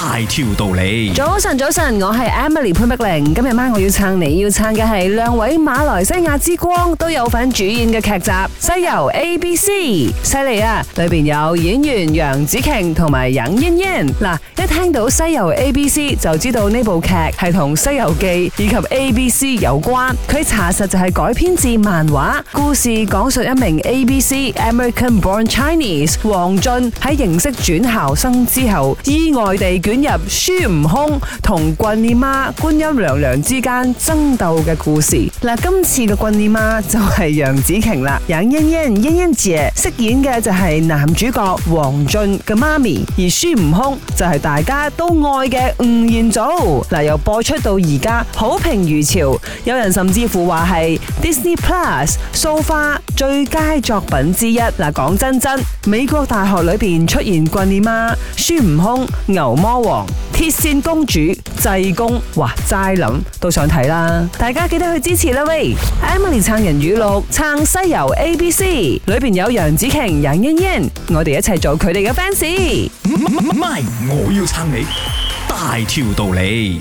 大條道理，早晨早晨，我係 Emily 潘碧玲，今日晚我要撐你，要撐嘅係兩位馬來西亞之光都有份主演嘅劇集《西遊 ABC》，犀利啊！裏邊有演員楊紫瓊同埋楊雁雁。嗱，一聽到《西遊 ABC》，就知道呢部劇係同《西遊記》以及 ABC 有關。佢查實就係改編自漫畫，故事講述一名 ABC American-born Chinese 王俊喺認識轉校生之後，意外地。捲入孫悟空同棍尼媽觀音娘娘之間爭鬥嘅故事。嗱、啊，今次嘅棍尼媽就係楊紫瓊啦，楊茵茵茵茵姐飾演嘅就係男主角王俊嘅媽咪，而孫悟空就係大家都愛嘅吳彥祖。嗱、啊，由播出到而家，好評如潮，有人甚至乎話係 Disney Plus so far 最佳作品之一。嗱、啊，講真真，美國大學裏邊出現棍尼媽、孫悟空、牛魔王、鐵線公主、濟公、哇齋諗都想睇啦！大家記得去支持啦，喂！Emily 撐人語錄，撐西遊 A B C，裏面有楊紫瓊、楊英英，我哋一齊做佢哋嘅 fans。唔咪，我要撐你大條道理。